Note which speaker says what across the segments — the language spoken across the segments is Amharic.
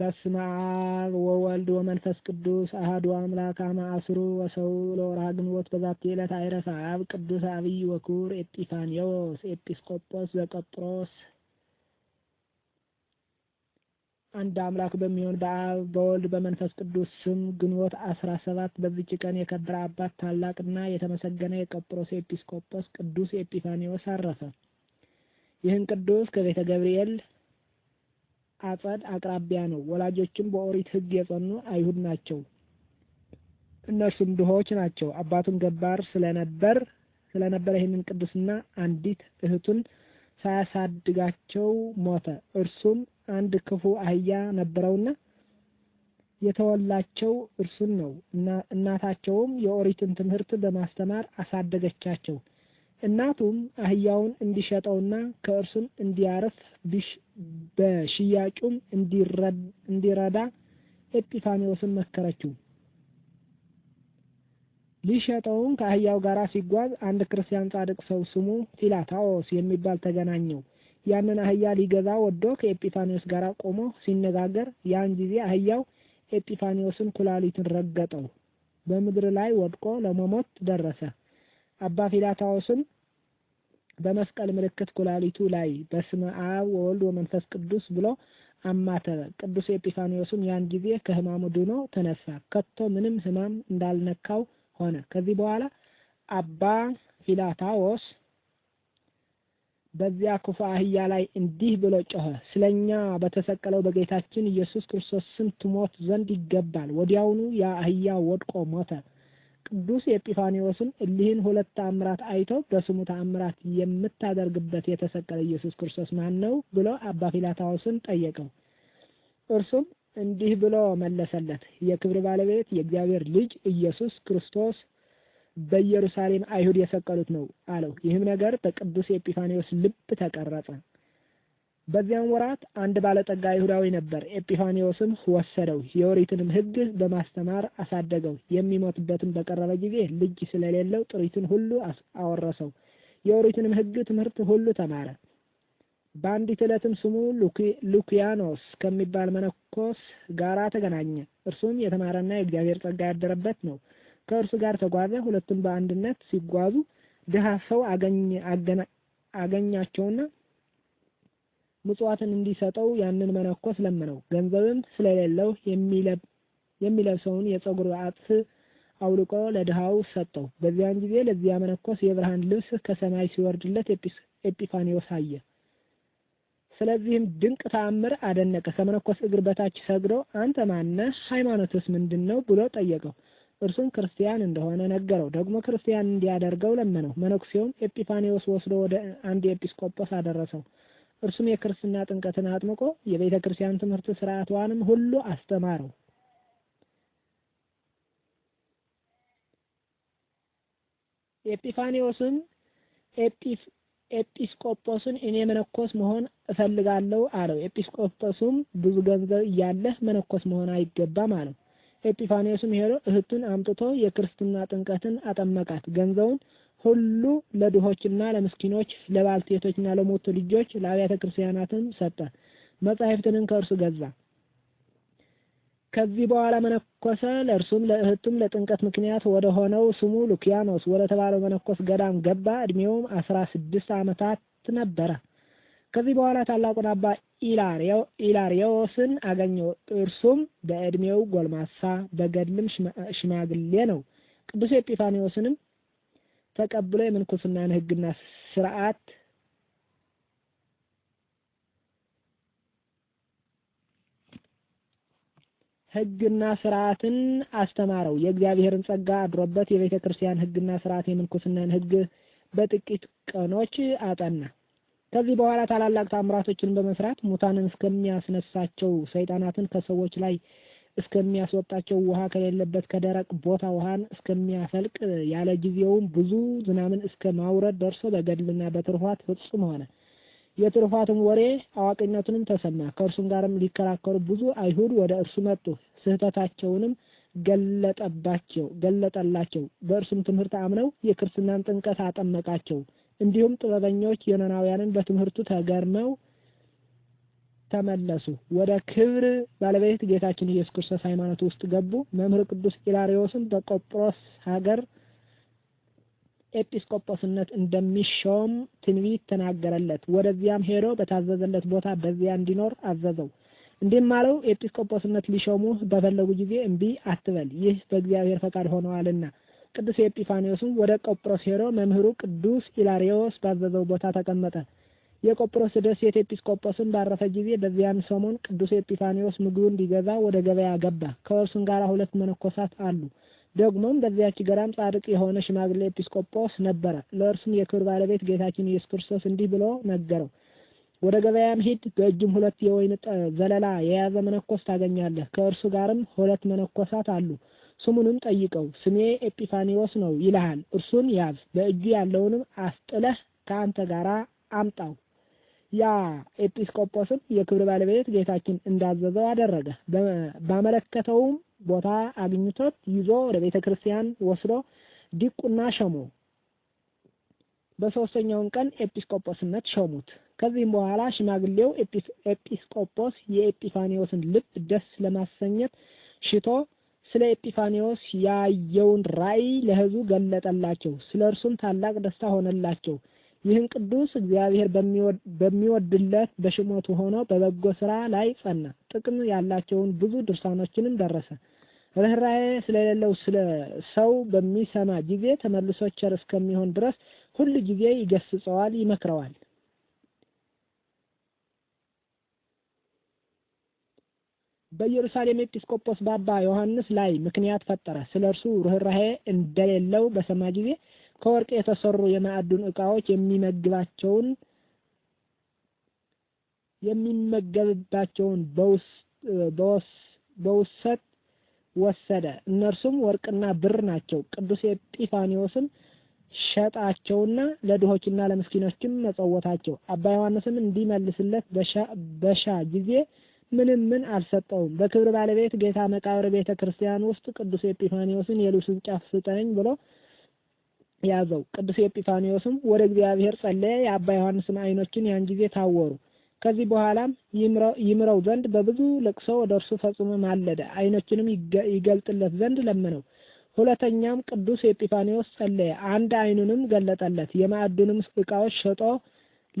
Speaker 1: በስመ አብ ወወልድ ወመንፈስ ቅዱስ አህዱ አምላክ አመ ዐሥሩ ወሰው ለወርሃ ግንቦት በዛቲ ዕለት አይረፈ አብ ቅዱስ አብይ ወኩር ኤጲፋንዮስ ኤጲስቆጶስ ዘቀጵሮስ። አንድ አምላክ በሚሆን በአብ በወልድ በመንፈስ ቅዱስ ስም ግንቦት አስራ ሰባት በዚች ቀን የከበረ አባት ታላቅና የተመሰገነ የቀጵሮስ ኤጲስቆጶስ ቅዱስ ኤጲፋንዮስ አረፈ። ይህን ቅዱስ ከቤተ ገብርኤል አጸድ አቅራቢያ ነው። ወላጆችም በኦሪት ሕግ የጸኑ አይሁድ ናቸው። እነርሱም ድሆች ናቸው። አባቱን ገባር ስለነበር ስለነበረ ይህንን ቅዱስና አንዲት እህቱን ሳያሳድጋቸው ሞተ። እርሱም አንድ ክፉ አህያ ነበረውና የተወላቸው እርሱን ነው። እናታቸውም የኦሪትን ትምህርት በማስተማር አሳደገቻቸው። እናቱም አህያውን እንዲሸጠውና ከእርሱም እንዲያርፍ በሽያጩም እንዲረዳ ኤጲፋኒዎስን መከረችው። ሊሸጠውን ከአህያው ጋር ሲጓዝ አንድ ክርስቲያን ጻድቅ ሰው ስሙ ፊላታዎስ የሚባል ተገናኘው። ያንን አህያ ሊገዛ ወዶ ከኤጲፋኒዎስ ጋር ቆሞ ሲነጋገር ያን ጊዜ አህያው ኤጲፋኒዎስን ኩላሊትን ረገጠው። በምድር ላይ ወድቆ ለመሞት ደረሰ። አባ ፊላታዎስም በመስቀል ምልክት ኩላሊቱ ላይ በስመ አብ ወወልድ ወመንፈስ ቅዱስ ብሎ አማተበ። ቅዱስ ኤጲፋኒዮስም ያን ጊዜ ከህማሙ ድኖ ተነሳ፣ ከቶ ምንም ህማም እንዳልነካው ሆነ። ከዚህ በኋላ አባ ፊላታዎስ በዚያ ክፉ አህያ ላይ እንዲህ ብሎ ጮኸ፣ ስለኛ በተሰቀለው በጌታችን ኢየሱስ ክርስቶስ ስም ትሞት ዘንድ ይገባል። ወዲያውኑ ያ አህያ ወድቆ ሞተ። ቅዱስ ኤጲፋኒዎስም እሊህን ሁለት ተአምራት አይቶ በስሙ ተአምራት የምታደርግበት የተሰቀለ ኢየሱስ ክርስቶስ ማን ነው ብሎ አባ ፊላታዎስን ጠየቀው። እርሱም እንዲህ ብሎ መለሰለት፣ የክብር ባለቤት የእግዚአብሔር ልጅ ኢየሱስ ክርስቶስ በኢየሩሳሌም አይሁድ የሰቀሉት ነው አለው። ይህም ነገር በቅዱስ ኤጲፋኒዎስ ልብ ተቀረጸ። በዚያም ወራት አንድ ባለጠጋ ይሁዳዊ ነበር። ኤጲፋኒዎስም ወሰደው፣ የኦሪትንም ሕግ በማስተማር አሳደገው። የሚሞትበትም በቀረበ ጊዜ ልጅ ስለሌለው ጥሪቱን ሁሉ አወረሰው። የኦሪትንም ሕግ ትምህርት ሁሉ ተማረ። በአንዲት ዕለትም ስሙ ሉኪያኖስ ከሚባል መነኮስ ጋራ ተገናኘ። እርሱም የተማረና የእግዚአብሔር ጸጋ ያደረበት ነው። ከእርሱ ጋር ተጓዘ። ሁለቱም በአንድነት ሲጓዙ ድሃ ሰው አገኛቸውና ምጽዋትን እንዲሰጠው ያንን መነኮስ ለምነው ገንዘብም ስለሌለው የሚለብሰውን የፀጉር አጥፍ አውልቆ ለድሃው ሰጠው። በዚያን ጊዜ ለዚያ መነኮስ የብርሃን ልብስ ከሰማይ ሲወርድለት ኤጲፋኒዎስ አየ። ስለዚህም ድንቅ ተአምር አደነቀ። ከመነኮስ እግር በታች ሰግዶ አንተ ማነ ሃይማኖትስ ምንድን ነው ብሎ ጠየቀው። እርሱም ክርስቲያን እንደሆነ ነገረው። ደግሞ ክርስቲያን እንዲያደርገው ለመነው። መነኩሴውም ኤጲፋኒዎስ ወስዶ ወደ አንድ ኤጲስቆጶስ አደረሰው። እርሱም የክርስትና ጥምቀትን አጥምቆ የቤተ ክርስቲያን ትምህርት ስርዓቷንም ሁሉ አስተማረው። ኤጲፋኒዎስም ኤጲስቆጶስን እኔ መነኮስ መሆን እፈልጋለሁ አለው። ኤጲስቆጶስም ብዙ ገንዘብ እያለህ መነኮስ መሆን አይገባም አለው። ኤጲፋኒዎስም ሄዶ እህቱን አምጥቶ የክርስትና ጥምቀትን አጠመቃት። ገንዘቡን ሁሉ ለድሆችና ለምስኪኖች ለባልቴቶችና ለሞቱ ልጆች ለአብያተ ክርስቲያናትም ሰጠ። መጻሕፍትንም ከእርሱ ገዛ። ከዚህ በኋላ መነኮሰ። ለእርሱም ለእህቱም ለጥምቀት ምክንያት ወደ ሆነው ስሙ ሉኪያኖስ ወደ ተባለው መነኮስ ገዳም ገባ። እድሜውም አስራ ስድስት ዓመታት ነበረ። ከዚህ በኋላ ታላቁን አባ ኢላሪዮስን አገኘው። እርሱም በእድሜው ጎልማሳ፣ በገድልም ሽማግሌ ነው። ቅዱስ ኤጲፋኒዎስንም ተቀብሎ የምንኩስናን ህግና ስርዓት ህግና ስርዓትን አስተማረው። የእግዚአብሔርን ጸጋ አድሮበት የቤተ ክርስቲያን ህግና ስርዓት የምንኩስናን ህግ በጥቂት ቀኖች አጠና። ከዚህ በኋላ ታላላቅ ታምራቶችን በመስራት ሙታንን እስከሚያስነሳቸው ሰይጣናትን ከሰዎች ላይ እስከሚያስወጣቸው ውሃ ከሌለበት ከደረቅ ቦታ ውሃን እስከሚያፈልቅ ያለ ጊዜውም ብዙ ዝናብን እስከ ማውረድ ደርሶ በገድልና በትሩፋት ፍጹም ሆነ። የትሩፋትም ወሬ አዋቂነቱንም ተሰማ። ከእርሱም ጋርም ሊከራከሩ ብዙ አይሁድ ወደ እርሱ መጡ። ስህተታቸውንም ገለጠባቸው ገለጠላቸው። በእርሱም ትምህርት አምነው የክርስትናን ጥምቀት አጠመቃቸው። እንዲሁም ጥበበኞች የነናውያንን በትምህርቱ ተገርመው ተመለሱ። ወደ ክብር ባለቤት ጌታችን ኢየሱስ ክርስቶስ ሃይማኖት ውስጥ ገቡ። መምህር ቅዱስ ኢላሪዮስን በቆጵሮስ ሀገር ኤጲስቆጶስነት እንደሚሾም ትንቢት ተናገረለት። ወደዚያም ሄዶ በታዘዘለት ቦታ በዚያ እንዲኖር አዘዘው። እንዲህም አለው፣ ኤጲስቆጶስነት ሊሾሙ በፈለጉ ጊዜ እምቢ አትበል፣ ይህ በእግዚአብሔር ፈቃድ ሆነዋልና። ቅዱስ ኤጲፋንዮስም ወደ ቆጵሮስ ሄዶ መምህሩ ቅዱስ ኢላሪዮስ ባዘዘው ቦታ ተቀመጠ። የቆጵሮስ ደሴት ኤጲስቆጶስን ባረፈ ጊዜ በዚያን ሰሞን ቅዱስ ኤጲፋኒዎስ ምግቡ እንዲገዛ ወደ ገበያ ገባ። ከእርሱም ጋር ሁለት መነኮሳት አሉ። ደግሞም በዚያች ገዳም ጻድቅ የሆነ ሽማግሌ ኤጲስቆጶስ ነበረ። ለእርሱም የክብር ባለቤት ጌታችን ኢየሱስ ክርስቶስ እንዲህ ብሎ ነገረው፣ ወደ ገበያም ሂድ፣ በእጅም ሁለት የወይን ዘለላ የያዘ መነኮስ ታገኛለህ። ከእርሱ ጋርም ሁለት መነኮሳት አሉ። ስሙንም ጠይቀው፣ ስሜ ኤጲፋኒዎስ ነው ይልሃል። እርሱን ያዝ፣ በእጁ ያለውንም አስጥለህ ከአንተ ጋር አምጣው ያ ኤጲስቆጶስም የክብር ባለቤት ጌታችን እንዳዘዘው አደረገ። ባመለከተውም ቦታ አግኝቶት ይዞ ወደ ቤተ ክርስቲያን ወስዶ ዲቁና ሸሞ በሶስተኛውን ቀን ኤጲስቆጶስነት ሸሙት። ከዚህም በኋላ ሽማግሌው ኤጲስቆጶስ የኤጲፋኒዎስን ልብ ደስ ለማሰኘት ሽቶ ስለ ኤጲፋኒዎስ ያየውን ራእይ ለሕዝቡ ገለጠላቸው። ስለ እርሱም ታላቅ ደስታ ሆነላቸው። ይህን ቅዱስ እግዚአብሔር በሚወድለት በሽሞቱ ሆኖ በበጎ ስራ ላይ ጸና። ጥቅም ያላቸውን ብዙ ድርሳኖችንም ደረሰ። ርኅራዬ ስለሌለው ስለ ሰው በሚሰማ ጊዜ ተመልሶ ቸር እስከሚሆን ድረስ ሁል ጊዜ ይገስጸዋል፣ ይመክረዋል። በኢየሩሳሌም ኤጲስቆጶስ በአባ ዮሐንስ ላይ ምክንያት ፈጠረ። ስለ እርሱ ርኅራሄ እንደሌለው በሰማ ጊዜ ከወርቅ የተሰሩ የማዕዱን እቃዎች የሚመግባቸውን የሚመገብባቸውን በውሰት ወሰደ። እነርሱም ወርቅና ብር ናቸው። ቅዱስ ኤጲፋኒዎስም ሸጣቸውና ለድሆችና ለምስኪኖችም መጸወታቸው። አባ ዮሐንስም እንዲመልስለት በሻ ጊዜ ምንም ምን አልሰጠውም። በክብር ባለቤት ጌታ መቃብር ቤተ ክርስቲያን ውስጥ ቅዱስ ኤጲፋኒዎስን የልብሱን ጫፍ ስጠኝ ብሎ ያዘው። ቅዱስ ኤጲፋንዮስም ወደ እግዚአብሔር ጸለየ። የአባ ዮሐንስም ዓይኖችን ያን ጊዜ ታወሩ። ከዚህ በኋላም ይምረው ዘንድ በብዙ ልቅሶ ወደ እርሱ ፈጽሞ ማለደ። ዓይኖችንም ይገልጥለት ዘንድ ለመነው። ሁለተኛም ቅዱስ ኤጲፋንዮስ ጸለየ። አንድ ዓይኑንም ገለጠለት። የማዕዱንም ዕቃዎች ሸጦ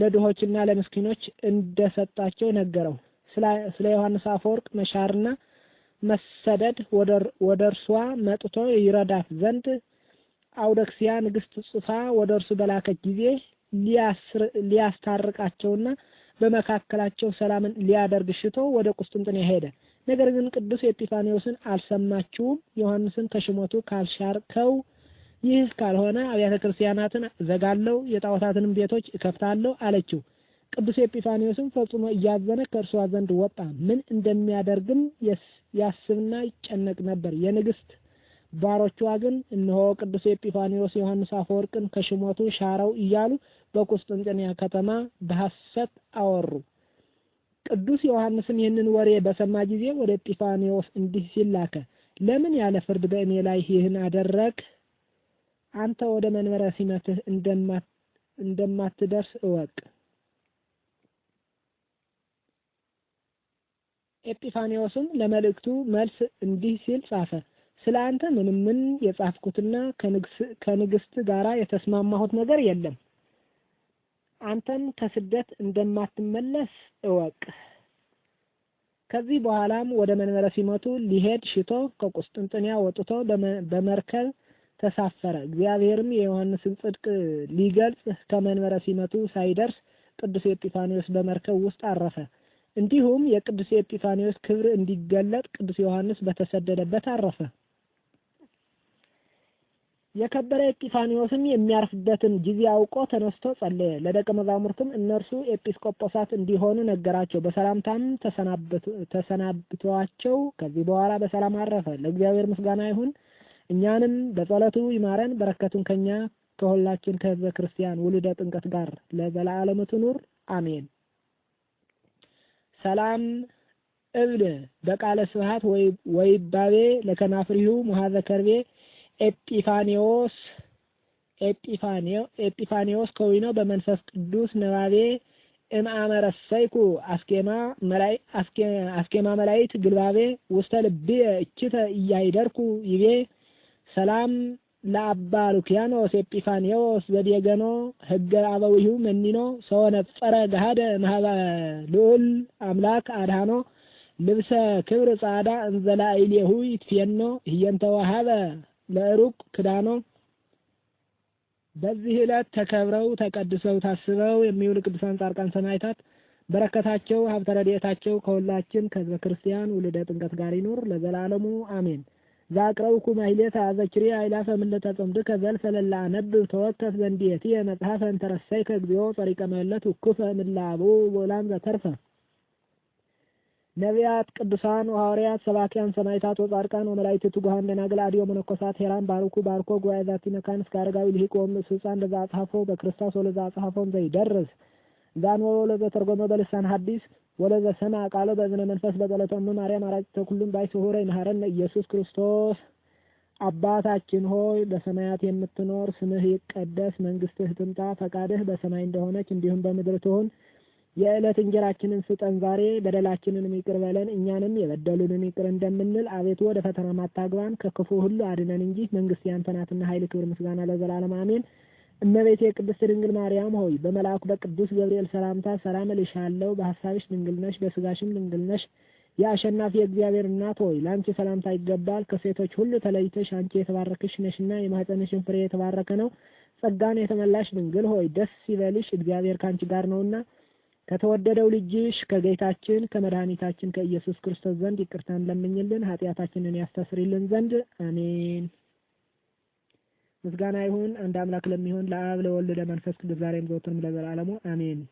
Speaker 1: ለድሆችና ለምስኪኖች እንደሰጣቸው ነገረው። ስለ ዮሐንስ አፈወርቅ መሻርና መሰደድ ወደ እርሷ መጥቶ ይረዳት ዘንድ አውደክሲያ ንግስት ጽፋ ወደ እርሱ በላከች ጊዜ ሊያስታርቃቸውና በመካከላቸው ሰላምን ሊያደርግ ሽቶ ወደ ቁስጥንጥንያ ሄደ። ነገር ግን ቅዱስ ኤጲፋንዮስን አልሰማችውም። ዮሐንስን ከሽሞቱ ካልሻርከው፣ ይህ ካልሆነ አብያተ ክርስቲያናትን ዘጋለው፣ የጣዖታትንም ቤቶች እከፍታለሁ አለችው። ቅዱስ ኤጲፋንዮስም ፈጽሞ እያዘነ ከእርሷ ዘንድ ወጣ። ምን እንደሚያደርግም ያስብና ይጨነቅ ነበር። የንግስት ባሮቿ ግን እነሆ ቅዱስ ኤጲፋኒዎስ ዮሐንስ አፈወርቅን ከሽሞቱ ሻረው እያሉ በቁስጥንጥንያ ከተማ በሐሰት አወሩ። ቅዱስ ዮሐንስም ይህንን ወሬ በሰማ ጊዜ ወደ ኤጲፋኒዎስ እንዲህ ሲል ላከ። ለምን ያለ ፍርድ በእኔ ላይ ይህን አደረግ? አንተ ወደ መንበረ ሲመትህ እንደማትደርስ እወቅ። ኤጲፋኒዎስም ለመልእክቱ መልስ እንዲህ ሲል ጻፈ። ስለ አንተ ምንም ምን የጻፍኩትና ከንግስት ጋራ የተስማማሁት ነገር የለም። አንተም ከስደት እንደማትመለስ እወቅ። ከዚህ በኋላም ወደ መንበረ ሲመቱ ሊሄድ ሽቶ ከቁስጥንጥንያ ወጥቶ በመርከብ ተሳፈረ። እግዚአብሔርም የዮሐንስን ጽድቅ ሊገልጽ ከመንበረ ሲመቱ ሳይደርስ ቅዱስ ኤጲፋኒዎስ በመርከብ ውስጥ አረፈ። እንዲሁም የቅዱስ ኤጲፋኒዎስ ክብር እንዲገለጥ ቅዱስ ዮሐንስ በተሰደደበት አረፈ። የከበረ ኤጲፋንዮስም የሚያርፍበትን ጊዜ አውቆ ተነስቶ ጸለየ። ለደቀ መዛሙርትም እነርሱ ኤጲስቆጶሳት እንዲሆኑ ነገራቸው። በሰላምታም ተሰናብተዋቸው ከዚህ በኋላ በሰላም አረፈ። ለእግዚአብሔር ምስጋና ይሁን፣ እኛንም በጸሎቱ ይማረን። በረከቱን ከኛ ከሁላችን ከህዝበ ክርስቲያን ውልደ ጥንቀት ጋር ለዘላለም ትኑር አሜን። ሰላም እብል በቃለ ስብሐት ወይባቤ ለከናፍሪሁ ሙሃዘ ከርቤ ኤጲፋኒዎስ ኤጲፋኔዎስ ኤጲፋኔዎስ ከዊኖ በመንፈስ ቅዱስ ንባቤ እምአመረሰይኩ አስኬማ መላይ አስኬ አስኬማ መላይት ግልባቤ ውስተ ልብ እችተ እያይደርኩ ይቤ ሰላም ለአባ ሉኪያኖስ ኤጲፋኒዎስ ዘዴገኖ ህገ አበዊሁ መኒኖ ሰው ነፈረ ገሃደ ማህበ ልዑል አምላክ አድሃኖ ልብሰ ክብር ጻዳ እንዘላይሌሁ ይትፌኖ ህየንተ ወሃበ ለሩቅ ክዳኖ በዚህ ዕለት ተከብረው ተቀድሰው ታስበው የሚውሉ ቅዱሳን ጻድቃን ሰማዕታት በረከታቸው ሀብተ ረድኤታቸው ከሁላችን ከህዝበ ክርስቲያን ውልደ ጥምቀት ጋር ይኑር ለዘላለሙ አሜን። ዛቅረውኩ ማይሌት አዘክሪ አይላፈ ምለተ ጽምድከ ዘልፈ ለአነብብ ተወከፍ ዘንዲየትየ መጽሐፈ እንተረሳይከ እግዚኦ ጸሪቀ መለት ውኩፈ ምላቡ ወላም ዘተርፈ ነቢያት፣ ቅዱሳን፣ ሐዋርያት፣ ሰባኪያን፣ ሰማዕታት፣ ወጻድቃን ወመላእክት፣ ትጉሃን፣ ደናግል፣ አድዮ መነኮሳት፣ ሄራን ባርኩ ባርኮ ጉባኤ ዛቲ መካን እስከ አረጋዊ ልሂቅ ወምስ ሕፃን ለዛ አጽሐፎ በክርስቶስ ወለዛ አጽሐፎም ዘይደርስ ዛን ዛንወ ለዘ ተርጎመ በልሳን ሐዲስ ወለዘ ሰማ ቃሎ በእዝነ መንፈስ በጸሎተ እሙ ማርያም አራጭተ ኩሉም ባይ ስሑረ ይመሐረነ ኢየሱስ ክርስቶስ። አባታችን ሆይ በሰማያት የምትኖር ስምህ ይቀደስ፣ መንግስትህ ትምጣ፣ ፈቃድህ በሰማይ እንደሆነች እንዲሁም በምድር ትሁን የዕለት እንጀራችንን ስጠን ዛሬ፣ በደላችንን ይቅር በለን እኛንም የበደሉንን ይቅር እንደምንል። አቤቱ ወደ ፈተና ማታግባን ከክፉ ሁሉ አድነን እንጂ መንግስት ያንተ ናትና ኃይል፣ ክብር፣ ምስጋና ለዘላለም አሜን። እመቤቴ የቅድስት ድንግል ማርያም ሆይ በመልአኩ በቅዱስ ገብርኤል ሰላምታ ሰላም እልሻለሁ። በሀሳብሽ ድንግል ነሽ፣ በስጋሽም ድንግል ነሽ። የአሸናፊ የእግዚአብሔር እናት ሆይ ለአንቺ ሰላምታ ይገባል። ከሴቶች ሁሉ ተለይተሽ አንቺ የተባረክሽ ነሽና የማኅፀንሽን ፍሬ የተባረከ ነው። ጸጋን የተመላሽ ድንግል ሆይ ደስ ይበልሽ፣ እግዚአብሔር ከአንቺ ጋር ነውና ከተወደደው ልጅሽ ከጌታችን ከመድኃኒታችን ከኢየሱስ ክርስቶስ ዘንድ ይቅርታን ለምኝልን ኃጢአታችንን ያስተስርልን ዘንድ አሜን። ምስጋና ይሁን አንድ አምላክ ለሚሆን ለአብ ለወልድ ለመንፈስ ቅዱስ ዛሬም ዘወትርም ለዘላለሙ አሜን።